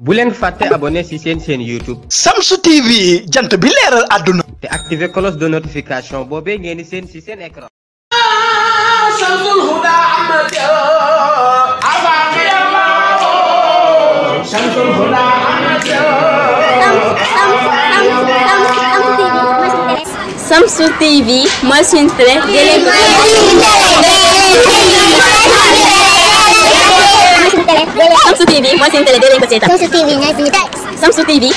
Boulen faté abonné abonné ci une chaîne YouTube. Samsu TV jant bi leeral àdduna. te activer cloche de notification Bobé, ngeen di seen ci seen écran. Samsu TV moi suis une télé. Samsung TV, Samsung TV Samsung TV, Samsung TV, Samsung TV Samsung TV, Samsung TV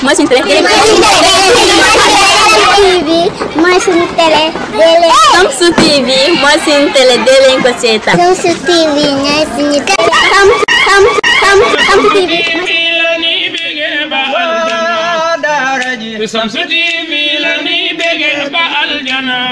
Samsung TV, Samsung TV, Samsung TV, Tele TV, Samsung TV Samsung TV, Dele TV, Samsung TV Samsung TV, Samsu Samsu Samsu TV Samsung TV Lani Bege TV, Aljana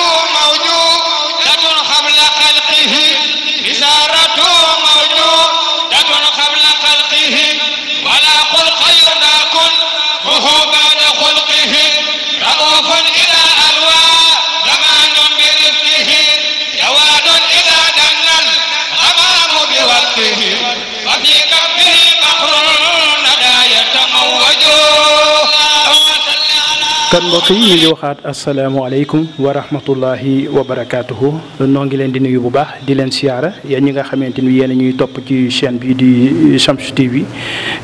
kan mbokk yi ñu ngi waxaat asalaamaaleykum wa rahmatullahi wa barakaatuhu noo ngi leen di nuyu bu baax di leen siyaara yéen ñi nga xamante ni yéen a ñuy topp ci chaîne bi di Shamsu TV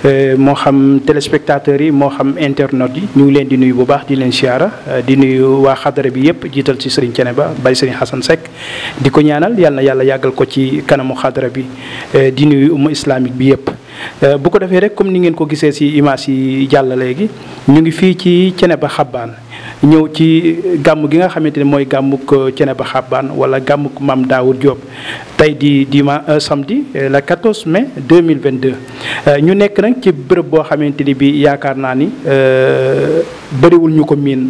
Euh, moo xam téléspectateurs yi moo xam internet yi ñu ngi leen di nuyu bu baax di leen siyaara euh, di nuyu waa xadara bi yëpp jiital ci cene ba Baye Serigne Hassan Seck di ko ñaanal yàlla yàlla yàggal ko ci kanamu xadara bi euh, di nuyu umma islamique bi yëpp. bu ko defee rek comme ni ngeen ko gisee ci image yi jàll léegi ñu ngi fii ci cene ba Xabaan. ñëw ci gàmm gi nga xamante ni mooy gàmmuk euh, Thiénaba Xabaan wala gàmmuk Maam Daawud Diop tey di dima euh, samdi euh, le 14 mai 2022 ñu nekk nag ci bërëb boo xamante ni bi yaakaar naa ni bëriwul ñu ko miin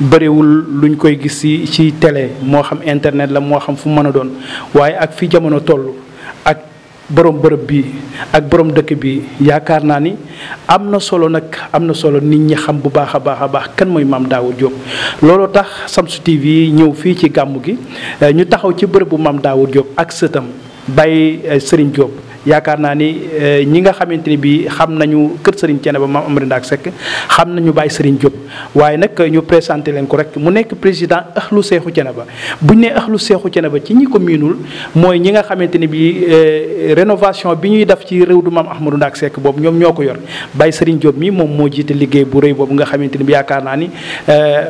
bëriwul luñ koy gis ci ci tele moo xam internet la moo xam fu mën a doon waaye ak fi jamono toll borom bërëb bi ak borom dëkk bi yaakaar naa ni am na solo nag am na solo nit ñi xam bu baax a baax a baax kan mooy maam Daawud Diop looloo tax Shamsu TV ñëw fii ci gàmmu gi eh, ñu taxaw ci bërëbu maam Daawud Diop ak sëtam bay eh, Serigne Diop. yaakaar naa ni eh, ñi nga xamante ni bii xam nañu kër Serigne ba maam Amary ak Seck xam nañu bàyyi Serigne Diop waaye nag eh, ñu présenté leen ko rek mu nekk président axlu seexu Thiénaba buñ ne axlu seexu Thiénaba ci ñi ko mooy ñi nga xamante ni bii eh, rénovation bi ñuy def ci réew du maam Ahmadou Ndack Seck boobu ñoom ñoo ko yor Baye Serigne Diop mi moom moo jiite liggéey bu rëy boobu nga xamante ni bi yaakaar naa ni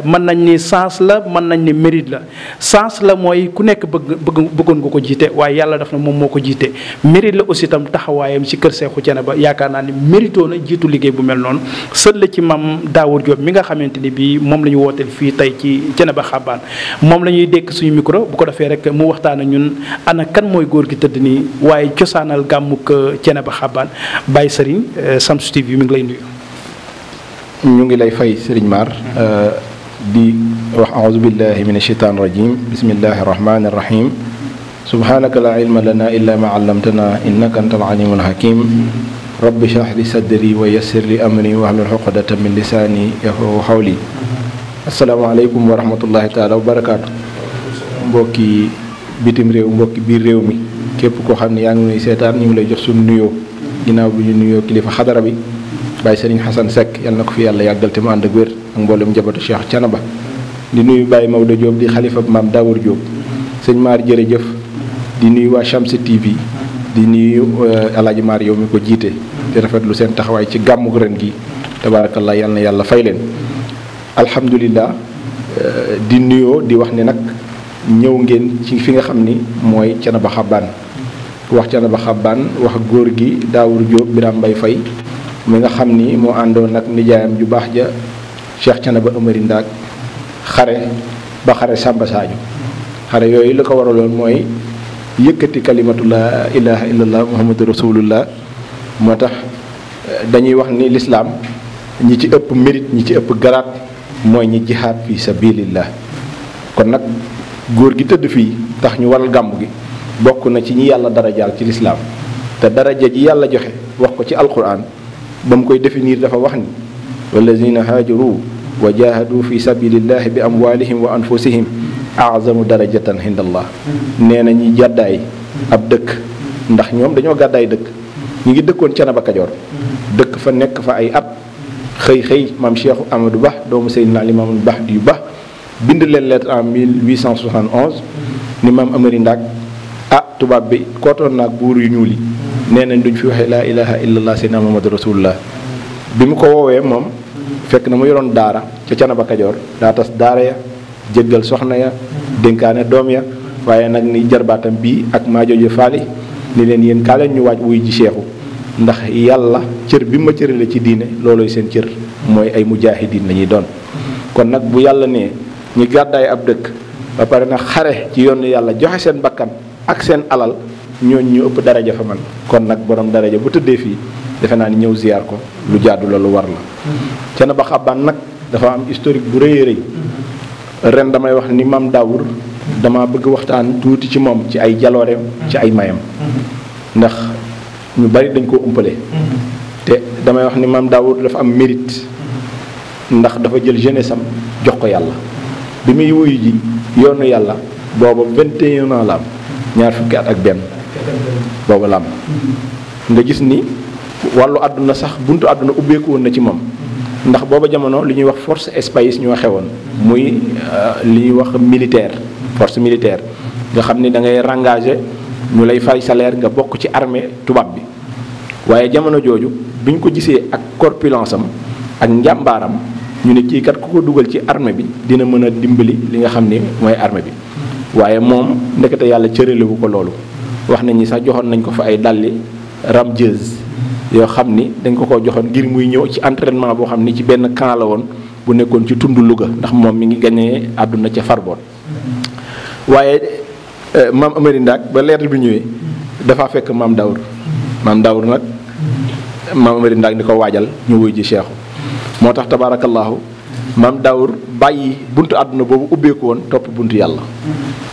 mën nañ ni sens la mën nañ ni mérit la sens la mooy ku nekk bëgg bëgg bëggoon nga ko jiite waaye yàlla daf na moom moo ko jiite mérite la aussi itam taxawaayam ci kër Seexu ba yaakaar naa ni mérito na jiitu liggéey bu mel noonu sët la ci maam Daawur Diop mi nga xamante ni bii moom lañuy ñu wooteel fii tey ci ba Xabaan moom la ñuy dékk suñu mikro bu ko defee rek mu waxtaan ak ñun ana kan mooy góor gi tëdd ni waaye cosaanal gàmmuk euh, ba Xabaan Baye Serigne euh, Shamsu TV mi ngi lay nuyu. ñu ngi lay fay Serigne Mar. Euh, di wax auzu billahi min ashaitaan rajim bismillahi rahmaani rahim. subhanaka la ilma lana illa ma allamtana innaka anta alalimul hakim rabbi shrah li sadri wa yassir li amri wahlul uqdatan min lisaani yafqahu qawli asalaamaaleykum wa rahmatullahi taala wa barakaatu mbokki bitim réew mbokki biir réew mi képp koo xam ne yaa ngi nuy seetaan ñu ngi lay jox suñu nuyoo ginnaaw bi ñu nuyoo kilifa xadara bi Baye Serigne Xasan Seck yal na ko fi yàlla yàggal te mu ànd ak wér ak mboolem njabootu Cheikh Canaba di nuyu Baye Maodo Diop di xalifa maam Daawur Diop sëñ Maar jërëjëf di nuyu wa Shamsi TV di nuyu eh, El Mar yow mi ko jité di rafetlu sen taxaway ci gamu ren gi tabarakallah yalla fay len alhamdulillah eh, di nuyo di wax ni nak ñew ngeen ci fi nga xam ni mooy ba xaban wax ba xaban wax gor gi Daawur bi ram bay fay mi nga xamni ni ando nak nijaayam ju bax ja Cheikh ba xare ba xare Samba xare yoy lu ko waralon moy yëkkati kalimatu laa ilaha illallah muhammadu rasulullah moo tax eh, dañuy wax ni lislaam ñi ci ëpp mérite ñi ci ëpp garaat mooy ñi jihaad fi sabilillah kon nag góor gi tëdd fii tax ñu waral gàmm gi bokk na ci ñi yàlla darajaal ci lislaam te daraja ji yàlla joxe wax ko ci alquran ba mu koy définir dafa wax ni wallazina haajaru wa jahadu fi sabilillahi bi amwalihim wa anfusihim azamu darajatan hindallah nee na ñi jàddaay ab dëkk ndax ñoom dañoo gàddaay dëkk ñu ngi dëkkoon Canaba Kajoor dëkk fa nekk fa ay at xëy xëy maam Cheikh Amadou Ba doomu Seydina Limaamul Ba yu Ba bind leen lettre en 1871 ni maam Amari Ndaak ah tubaab bi kootoon naag buur yu ñuul yi nee nañ duñ fi waxee laa ilaha illallah Seydina Muhammadu rasulullah bi mu ko woowee moom fekk na mu yoroon daara ca Canaba Kajoor daa tas daara ya jéggal soxna ya dénkaane doom ya waaye nag ni jarbaatam bii ak maajooju faali ni leen yéen kaa leen ñu waaj wuy ji seexu ndax yàlla cër bi ma cërale ci diine looloy seen cër mooy ay mujahidin lañuy doon kon nag bu yàlla ne ñi gàddaay ab dëkk ba pare na xare ci yoonu yàlla joxe seen bakkan ak seen alal ñooñ ñu ëpp daraja fa man kon nag borom daraja bu tëddee fii defe naa ni ñëw ziar ko lu jaadu la lu war la ca na ba xabaan nag dafa am historique bu rëy ren damay wax ni maam Daawur dama bëgg waxtaan tuuti ci moom ci ay jalooreem ci ay mayam ndax ñu bari dañ koo umpale te damay wax ni maam Daawur dafa am mérite ndax dafa jël jeunesse am jox ko yàlla bi muy wuyu ji yoonu yàlla booba 21 ans la ñaar fukki at ak benn booba la nga gis ni wàllu àdduna sax buntu àdduna ubbeeku woon na ci moom ndax booba jamono li ñuy wax force espace ñoo xewoon muy euh, li ñuy wax militaire force militaire nga xam ni da ngay rengagé ñu lay fay salaire nga bokk ci armee tubaab bi waaye jamono jooju bi ñu ko gisee ak corpulence am ak njàmbaaram ñu ne kii kat ku ko dugal ci armée bi dina mën a dimbali li nga xam ni mooy armée bi waaye moom ndekete yàlla cëralewu ko loolu wax nañ ni sax joxoon nañ ko fa ay dàlli ramjeuse yoo xam ni dañ ko koo joxoon ngir muy ñëw ci entraînement boo xam ni ci benn camp la woon bu nekkoon ci tund luga ndax moom mi ngi gañee àdduna ca Farboon waaye euh, maam Amari ba leer bi ñëwee dafa fekk maam Daour maam Daour nag maam Amari Ndaak di ko waajal ñu wuy ji Cheikhu moo tax tabaarakallaahu maam Daour bàyyi buntu àdduna boobu ubbeeku woon topp buntu yàlla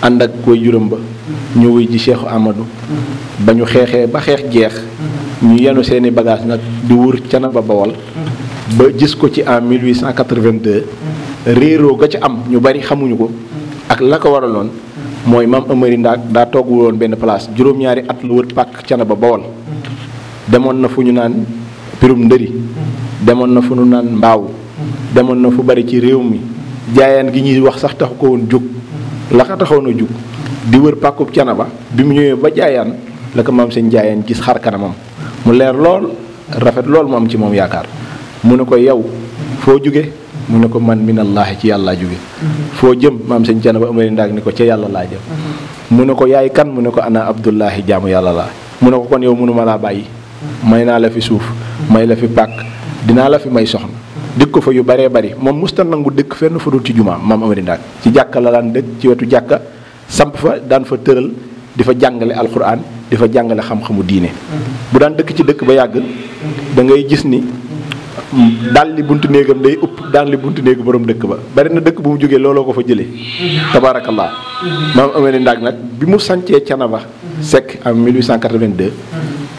ànd ak koy juróom ba ñu wuy ji Cheikhu amadu ba ñu xeexee ba xeex jeex ñu yenu seeni bagage nag di wër ca na ba bawal ba gis ko ci en 1882 réeroo ga ci am ñu bari xamuñu ko ak la ko waraloon mooy mam amari ndaak daa toog woon benn place juróom-ñaari at lu wër pàkk ca na ba bawal demoon na fu ñu naan pirum ndëri demoon na fu ñu naan mbaaw demoon na fu bari ci réew mi jaayaan gi ñuy wax sax taxu ko woon jóg la ko taxoon a jóg di wër pàkkub bi mu ñëwee ba jaayaan la ko maam seen jaayaan gis xar kanamam mu leer lool rafet lool mu am ci moom yaakaar mu ne ko yow foo jóge mu ne ko man minallahi ci yàlla jóge mhm. foo jëm maam sëñ janaba Amari Ndaak ni ko ca yàlla laa jëm mhm. mu ne ko yaay kan mu ne ko ana abdullahi jaamu yàlla laa mu ne ko kon yow mënuma laa bàyyi mhm. may naa la fi suuf may la fi pàkk dinaa la fi may soxna dëkk ko fa yu bare bari moom musta nangu dëkk fenn fa dul ci juma maam Amari Ndaak ci jàkka la daan dëkk ci wetu jàkka samp fa daan fa tëral di fa jàngale alquran di fa jàngale xam-xamu diine bu daan dëkk ci dëkk ba yàgg da ngay gis ni daal li buntu néegam day ëpp daal li buntu néegu borom dëkk ba bari na dëkk bu mu jógee looloo ko fa jëlee tabaarakallaa maam Amary ndaag nag bi mu sancee Canaba Seck en 1882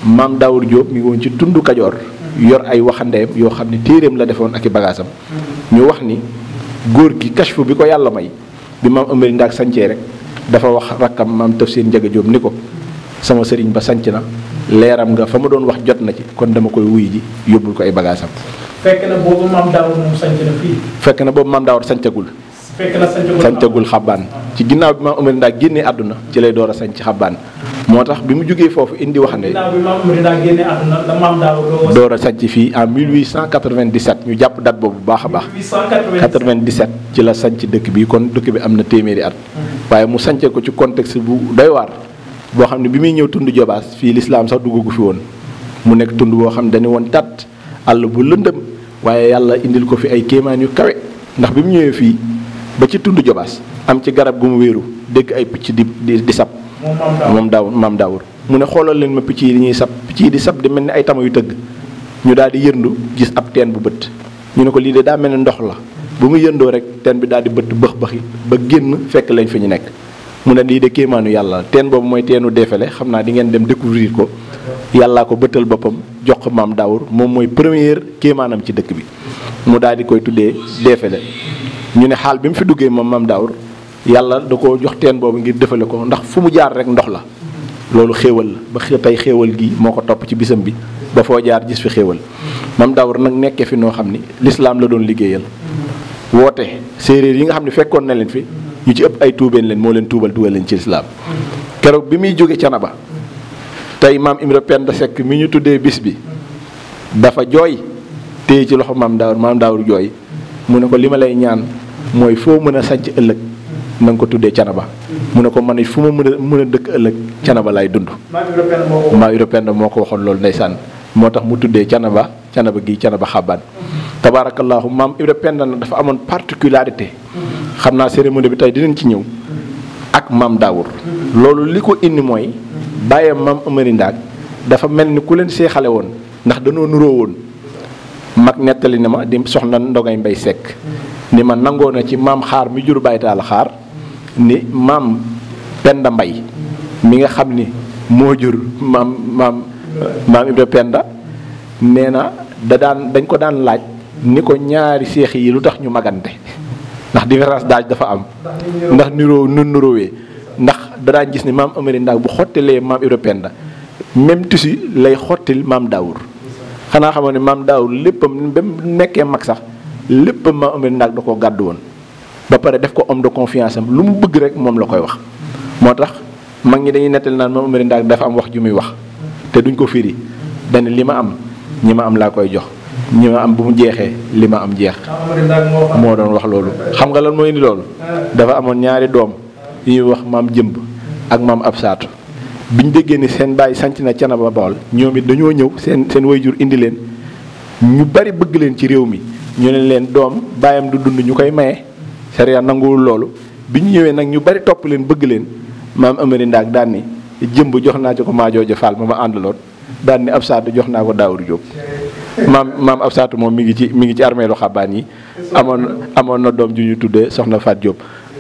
maam Daawur Diop mi ngi woon ci tundu Kajoor yor ay waxandeem yoo xam ne téeréem la defoon ak i bagaasam ñu wax ni góor gi kashfu bi ko yàlla may bi maam Amary Ndak sancee rek dafa wax rakkam maam Tafsir Njaga Diop ni ko sama sëriñ ba sañc na leeram nga fa ma doon wax jot na ci kon dama koy wuy ji yóbbul ko ay bagaasam fekk na boobu maam daawar moom sanc na fii boobu maam daawar sancagul fekk na sancagul ci ginnaaw bi maam Amari Ndaa génnee àdduna ci lay door a sanc xabaan moo tax bi mu jógee foofu indi wax ne a bi maam Amari Ndaa génnee àdduna la maam daawar door fii en 1897 ñu jàpp dat boobu bu baax a baax 97 ci la sanc dëkk bi kon dëkk bi am na téeméeri at mhm. waaye mu sancee ko ci contexte bu doy waar boo xam ne bi muy ñëw tund jobaas fii lislaam sax duggagu fi woon mu nekk tund boo xam ne dañu woon tàtt àll bu lëndëm waaye yàlla indil ko fi ay kéemaan yu kawe ndax bi mu ñëwee fii ba ci tund jobaas am ci garab gu mu wéeru dégg ay picc di di sab moom daaw maam daawur mu ne xoolal leen ma picc yi di ñuy sab picc yi di sab di mel ni ay tama yu tëgg ñu daal di yëndu gis ab teen bu bët ñu ne ko lii de daa mel ni ndox la bu mu yëndoo rek teen bi daal di bëtt bëx bëxi ba génn fekk lañ fi ñu nekk mu ne lii de kéemaanu yàlla teen boobu mooy teenu defele xam naa di ngeen dem découvrir ko yàlla ko bëttal boppam jox ko maam daawur moom mooy première kéemaanam ci dëkk bi mu daal di koy tuddee defele ñu ne xaal bi mu fi duggee moom maam daawur yàlla da ko jox teen boobu ngir defale ko ndax fu mu jaar rek ndox la loolu xéewal la ba tey xéewal gi moo ko topp ci bisam bi ba foo jaar gis fi xéewal maam daawur nag nekkee fi noo xam ni lislaam la doon liggéeyal woote séeréer yi nga xam ne fekkoon na leen fi ñu ci ëpp ay tuubeen leen moo leen tuubal dugal leen ci lislaam keroog bi muy jóge Canaba tey maam Imra Penda sekk mi ñu tuddee bis bi dafa jooy téye ci loxo maam Daawur maam Daawur jooy mu ne ko li ma lay ñaan mooy foo mën a sànc ëllëg na ko tuddee Canaba mu ne ko man fu ma mën a mën a dëkk ëllëg Canaba laay dund. maam Imra Penda moo ko waxoon loolu ndeysaan moo tax mu tuddee Canaba Canaba gii Canaba xabaan tabaarakallaahu maam Ibra dafa xam naa cérémonie bi tey dinañ ci ñëw ak maam Daawur loolu li ko indi mooy bàyyam maam Amari Ndaak dafa mel ni ku leen seexale woon ndax danoo nuroo woon mag nettali ne ma di soxna ndogay mbay sekk ni ma nangoo na ci maam xaar mi jur baytaal xaar ni maam penda mbay mi nga xam ni moo jur maam maam maam de penda nee na da daan dañ ko daan laaj ni ko ñaari seex yi lu tax ñu magante ndax différence d'âge dafa am. ndax niroo nu niroowee ndax danaa gis ni maam Amary Ndaw bu xottilee maam européenne da même tissu lay xottil maam Daawur. xanaa xamoon ne maam Daawur léppam ba mu nekkee mag sax léppam maam Amary Ndaw da koo gàddu woon. ba pare def ko homme de confiance am lu mu bëgg rek moom la koy wax. moo tax mag ñi dañuy nettali naan maam Amary dafa am wax ju muy wax te duñ ko firi. dañ li ma am ñi ma am laa koy jox. ñi ma am bu mu jeexee li ma am jeex moo doon wax loolu xam nga lan moo indi loolu dafa amoon ñaari doom yu ñuy wax maam jëmb ak maam ab saatu bi ñu déggee ni seen bàyyi sanc na canaba Bawol ñoom it dañoo ñëw seen seen wayjur indi leen ñu bari bëgg leen ci réew mi ñu ne leen doom bàyyam du dund ñu koy maye sariya nanguwul loolu bi ñu ñëwee nag ñu bari topp leen bëgg leen maam amari ndaag daan ni jëmb jox naa ci ko maajoojo Fall ma ma àndaloon daan ni ab saatu jox naa ko daawur Jóob maam maam ab saatu moom mi ngi ci mi ngi ci armeelu xabaan yi amoon amoon na doom ju ñu tuddee soxna Fat Diop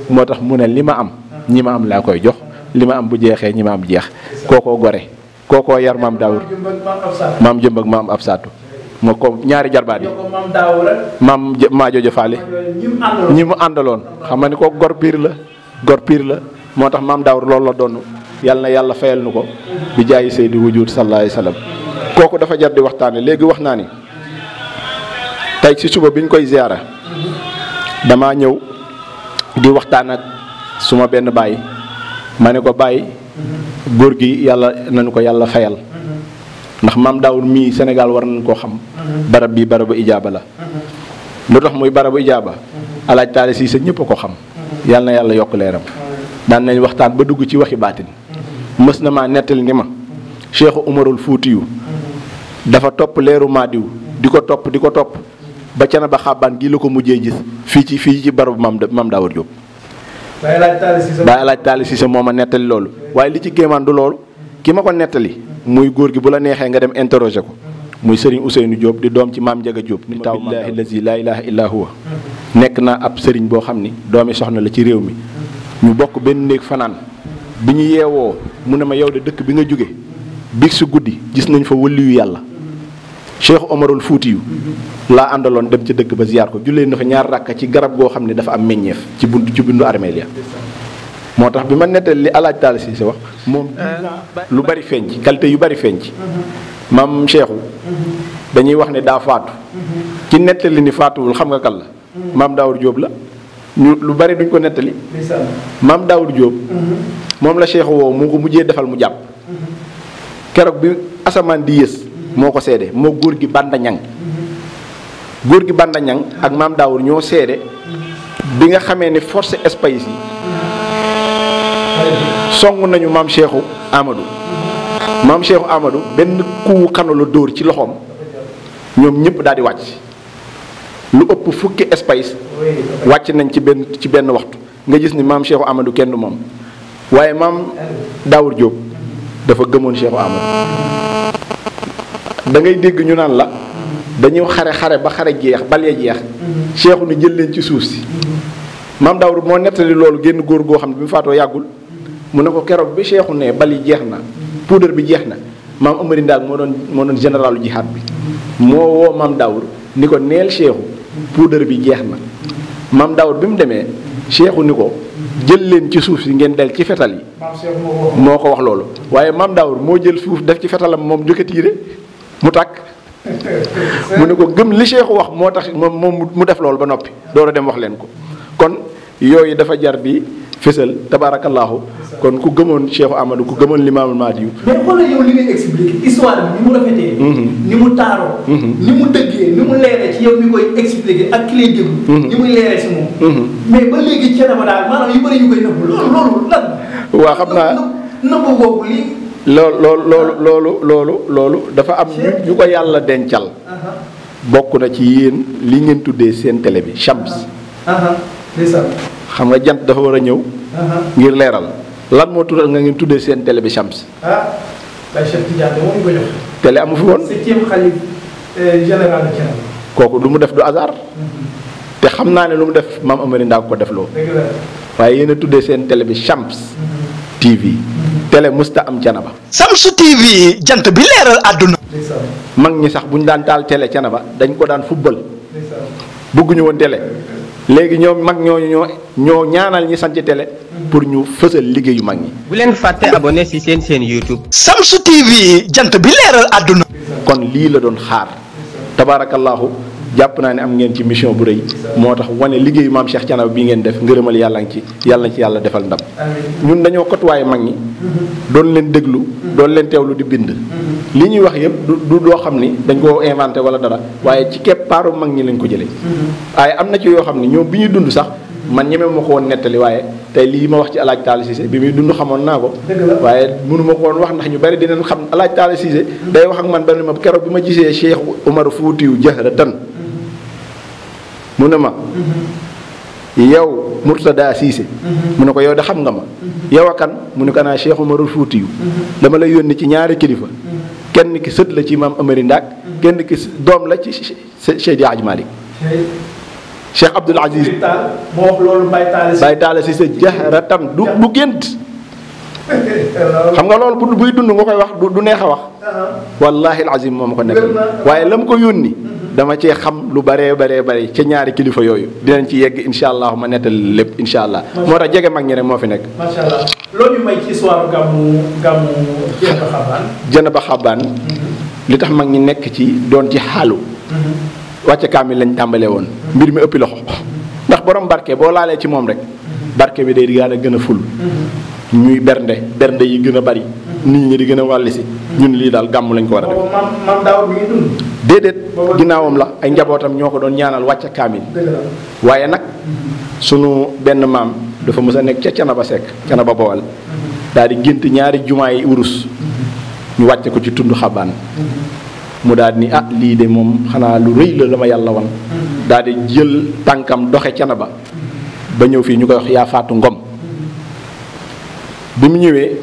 moo tax mu ne li ma am ñi ma am laa koy jox li ma am bu jeexee ñi ma am jeex koo kookoo gore koo ko yar maam daawur maam jëmb maam ab saatu ma ko ñaari jarbaat yi maam maa joojo faale ñi mu àndaloon xam nga ni ko gor piir la gor piir la moo tax maam daawur loolu la doon yàlla na yàlla fayal nu ko bi jaayi seydi wujud sallallahu alayhi wa ko dafa jar di waxtaane léegi wax naa ne tey ci suba biñ koy ziyaara damaa ñëw di waxtaan ak suma benn baay ma ne ko baay góor gi yàlla nañu ko yàlla fayal ndax maam daawul mii Sénégal war nañ koo xam barab bi barabu ijaaba la lu tax muy barabu ijaaba alaaj taale si sa ñëpp a ko xam yàlla na yàlla yokk leeram daan nañ waxtaan ba dugg ci waxi baatin mës na maa nettali ni ma Cheikh Umarul Fuutiyu dafa top leeru maadiw diko top, diko top. ko topp ba cana ba xàbbaan gii la ko mujjee gis fii ci fii ci barabu maam maam Daawar Jóob Baay Alaaj Taali Sise moom a nettali loolu waaye li ci du ki ko nettali muy gi bu la nga dem interroger ko muy sëriñ Ousseynou Diop di dom ci maam Njaga Diop ni taw billaahi lazi laa ilaaha illaa huwa nekk naa ab sëriñ boo xam ni doomi soxna la ci réew mi ñu bokk benn néeg mu ne ma yow de dëkk bi nga guddi gis nañ fa wëlliyu yàlla Cheikh Omarul Fuutiyu laa àndaloon dem ca dëkk ba ziar ko jullee na fa ñaar rakk ci garab goo xam ne dafa am meññeef ci bunt ci bindu armeel ya moo tax bi ma nettali li alaaj taal si si wax moom euh, lu bari feeñ ci qualité yu bari feeñ maam Cheikhu dañuy wax ne daa faatu ci nettali ni faatuwul xam nga kan la maam Daawur Jóob la lu bari duñ ko nettali maam Daawur Jóob mhm. moom la Cheikhu woo mu ko mujjee defal mu jàpp mhm. keroog bi asamaan di yées moo ko seede moo góor gi Banda góor gi Banda ak maam Daawur ñoo seede bi nga xamee ne force espace yi song nañu maam Cheikhou Amadou maam Cheikhou Amadou benn kuwu kano dóor ci loxoom ñoom ñëpp daal di wàcc lu ëpp fukki espace wàcc nañ ci benn ci benn waxtu nga gis ni maam Cheikhou amadu kenn moom waaye maam Daawur Jóob dafa gëmoon Cheikhou Amadou da ngay dégg ñu naan la dañu xare xare ba xare jeex bal jeex seexu ni jël leen ci suuf si maam Daawur moo nettali loolu génn góor goo xam ne bi mu faatoo yàggul mu ne ko keroog bi seexu ne bal jeex na puudar bi jeex na maam Amari Ndaag moo doon moo doon généralu jihaat bi moo woo maam Daawur ni ko neel seexu poudre bi jeex na maam Daawur bi mu demee seexu ni ko jël leen ci suuf si ngeen del ci fetal yi moo ko wax loolu waaye maam Daawur moo jël suuf def ci fetalam moom jóge mu tàkk mu ne ko gëm li Cheikh wax moo tax moom moom mu def loolu ba noppi door a dem wax leen ko kon yooyu dafa jar bi fësal tabaarakallaahu kon ku gëmoon Cheikh amadu ku gëmoon limaamul Mahdi yu mais xoolal yow li mu rafetee. Mhm. ni mu mhm. ni koy expliqué ak ki lay déglu. Mhm. ni muy leeree si moom. mais ba léegi cere ba daal maanaam yu bëri ñu koy nëbbu loolu loolu lan. waa xam naa nëbbu boobu lii. loolu loolu loolu loolu loolu dafa am ñu ñu ko yàlla dencal. bokk na ci yéen li ngeen tuddee seen télé bi Shams. xam nga jant dafa war a ñëw. ngir leeral lan moo tuddal nga ngeen tuddee seen télé bi Shams. ah amu fi woon euh, lu mu def du hasard. te xam naa ne lu mu def maam ndaa ko def loo. waaye yéen tuddee seen télé bi Shams. Mhm. TV. télé musta am canaba. Shamsu TV jant bi leeral àdduna. mag ñi sax bu ñu daan taal télé canaba dañ ko daan fubbal. bëgguñu woon télé. léegi ñoom mag ñooñu ñoo ñoo ñaanal ñi sant télé. pour ñu fësal liggéeyu mag ñi. bu leen fàtte abonné ci seen seen YouTube. Shamsu TV jant bi leeral àdduna. kon lii la doon xaar. tabaarakallaahu jàpp naa ne am ngeen ci mission bu rëy moo tax wane liggéeyu maam Cheikh Thiénaba bi ngeen def ngërëmal yàlla ngi ci yàlla ci yàlla defal ndam ñun dañoo waaye mag ñi mm-hmm. doon leen déglu mm-hmm. doon leen teew lu di bind mm-hmm. li ñuy wax yëpp du doo xam ni dañ koo inventé wala dara waaye ci képp paaru mag ñi lañ ko jëlee waaye am na ci yoo xam ne ñoom bi ñuy dund sax man ñeme ma ko woon nettali waaye tey lii ma wax ci alaaj taala bi muy dund xamoon naa ko waaye mënu ma ko wax ndax ñu bari dinañ xam alaaj taala Cissé day wax man benn ma keroog bi ma gisee Cheikh Omar Foutiou Diakhar tan mu ne ma yow Murtada Siise mm-hmm. mu ne ko yow de xam nga ma mm-hmm. yow kan mu ne ko naa Cheikh Umarul Fuutiyu mm-hmm. dama lay yónni ci ñaari kilifa kenn ki sët la ci maam Amari Ndaak kenn ki doom la ci Seydi Aj Malik Cheikh Abdoul Aziz moo wax loolu Baye Taala Siise jahratam du du gént xam nga loolu bu buy dund nga koy wax du neex a wax uh-huh. wallaahi alazim moo ma ko nekk waaye la mu ko yónni dama cee xam lu baree baree bari ca ñaari kilifa yooyu dinañ ci yegg incha allah ma nettali lépp incha allah. moo tax jege mag ñi rek moo fi nekk. macha mm-hmm. li tax mag ñi nekk ci doon ci xaalu. Mm-hmm. wàcce kaamil lañ tàmbalee woon. Mm-hmm. mbir mi ëppi loxo ndax borom barke boo laalee ci moom rek. barke bi day gën a gën a ful. ñuy bernde bernde yi gën a bari. nit ñi di gëna walli ci ñun li dal gam lañ ko war a def dedet ginaawam la ay njabotam ñoko doon ñaanal wàcc kamil waye nak sunu benn maam dafa mës a nekk ca cana ba sek cana ba bawal daal di gënt ñaari jumaay urus ñu wacc ko ci tundu xaban mu daal ni ah li de mom xana lu rëy la lama yalla won daal di jël tankam doxé cana ba ba ñew fi ñukoy wax ya fatu ngom bimu ñewé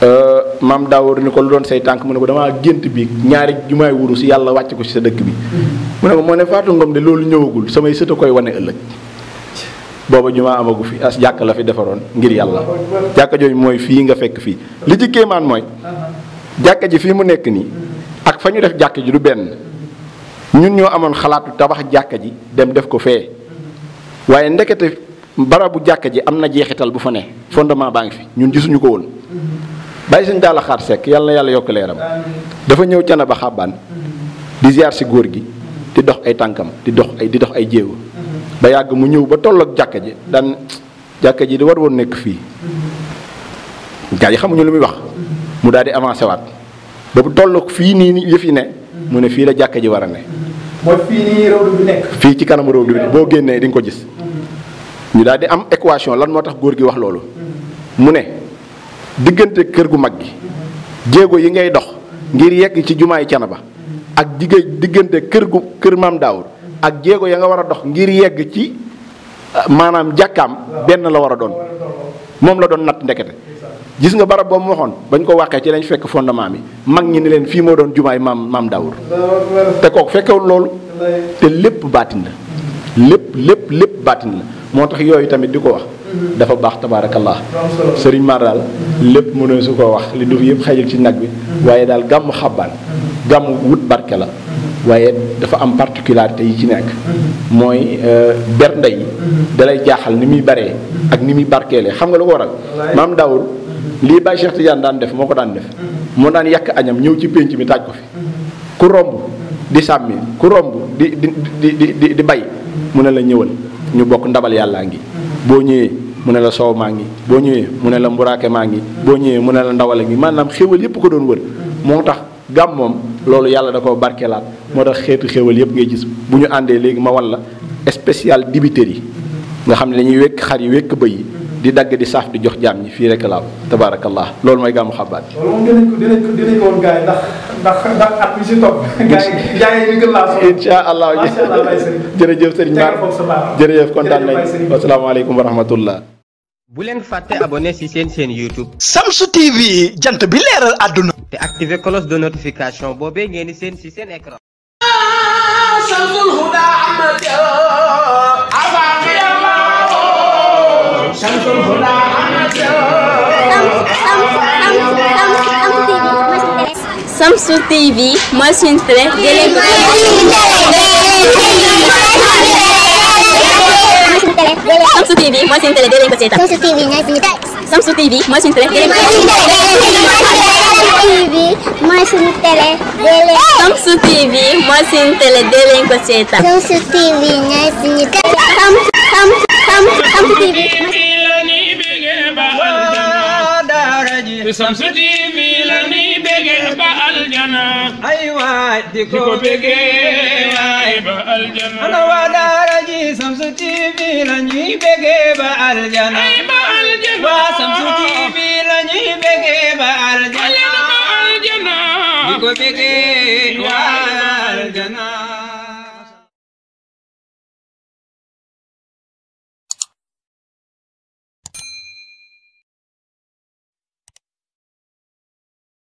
Euh, maam Daawar ni ko lu doon say tànk mu ne ko damaa gént bi ñaari jumaay wuru si yàlla wàcc ko si sa dëkk bi mm-hmm. mu ne ko moo ne Fatou Ngom de loolu ñëwagul samay sët a koy wane ëllëg booba jumaa amagu fi as jàkk la fi defaroon ngir yàlla jàkka jooju mooy fii nga fekk fii li ci kéemaan mooy uh-huh. jàkka ji fii mu nekk nii ak fa ñu def jàkka ji du benn ñun ñoo amoon xalaatu tabax jàkka ji dem def ko fee waaye ndekete barabu jàkka ji am na jeexital bu fa ne fondement baa ngi fi ñun gisuñu ko woon mm-hmm. bay suñu daal xaar sek yalla na yàlla yokk leeram dafa ñëw cana ba xaban di ziar si goor gi di dox ay tankam di dox ay di dox ay jeew ba yag mu ñew ba ak jakka ji dan jakka ji di war won nek fi gaay xamu ñu limuy wax mu daal avancer wat ba bu tolloog fii yi ne mu ne fi la jakka ji wara ne mo fi ni rew du nek fi ci kanam réew bi bo di ko gis ñu am equation lan motax goor gi wax lolu mu ne digënté kër gu maggi djégo yi ngay dox ngir yegg ci jumaay naba ak digga digënté kër gu kër mam daawur ak djégo ya nga wara a dox ngir yegg ci ah, manam jakam ben la wara a doon mom la doon nat ndekete gis nga barab bom waxoon bañ ko waxé ci lañ fekk fondement bi mag ñi ne len fi mo doon jumaay mam mam daawur te kooku fekkewul loolu te lépp baatin la lepp lepp lepp baatin la tamit diko wax dafa baax tabaarakallah sëriñ Mar daal lépp mënoo su ko wax li du yëpp xajul ci nag bi waaye daal gàmmu xabbaan gàmmu wut barke la waaye dafa am particularité yi ci nekk mooy euh, ber yi dalay jaaxal ni muy baree ak ni muy barkeelee xam nga lu ko waral maam daawul lii Baye Cheikh Tidiane daan def moo ko daan def moo daan yàkk añam ñëw ci pénc mi taaj ko fi ku romb di sàmmi ku romb di di di di di bay mu ne la ñëwal ñu bokk ndabal yàllaa ngi bo ñëwee mu ne la soow ma ngi bo ñëwee mu ne la mburaké ma ngi bo ñëwee mu ne la ndawal ngi manam xéewal yépp ko doon wër motax tax gam moom loolu yàlla da ko barké moo motax xéetu xéewal yépp ngay gis bu ñu andé légui ma wal la spécial dibiteurs yi nga xam dañuy wék xar yi wék bëy di dagg di saaf di jox jaam ñi fii rek laaw tabarakallah loolu mooy gàmmu xabaat loolu moom dinañ ko dinañ ko dinañ ko woon gaay ndax ndax ndax at mi si topp gaay gaay ñu gën laa insha allah jërëjëf sëriñ Mar jërëjëf kontaan nañ wasalaamaaleykum wa rahmatullah bu leen fàtte abonné si sen sen youtube samsu tv jant bi leeral àdduna te activé cloche de notification boobee ngeen di seen si seen écran samsul huda amati afa شمس الهدى Samsu TV mooy suñu télé Samsu TV mooy suñu télé Samsu TV la ñuy bégee ba aljana ay waay di ko bégee waay ba aljana ana waa daara ji Samsu TV la ñuy bégee ba aljana ay ba aljana waa Samsu TV la ñuy bégee ba aljana di ko bégee waay aljana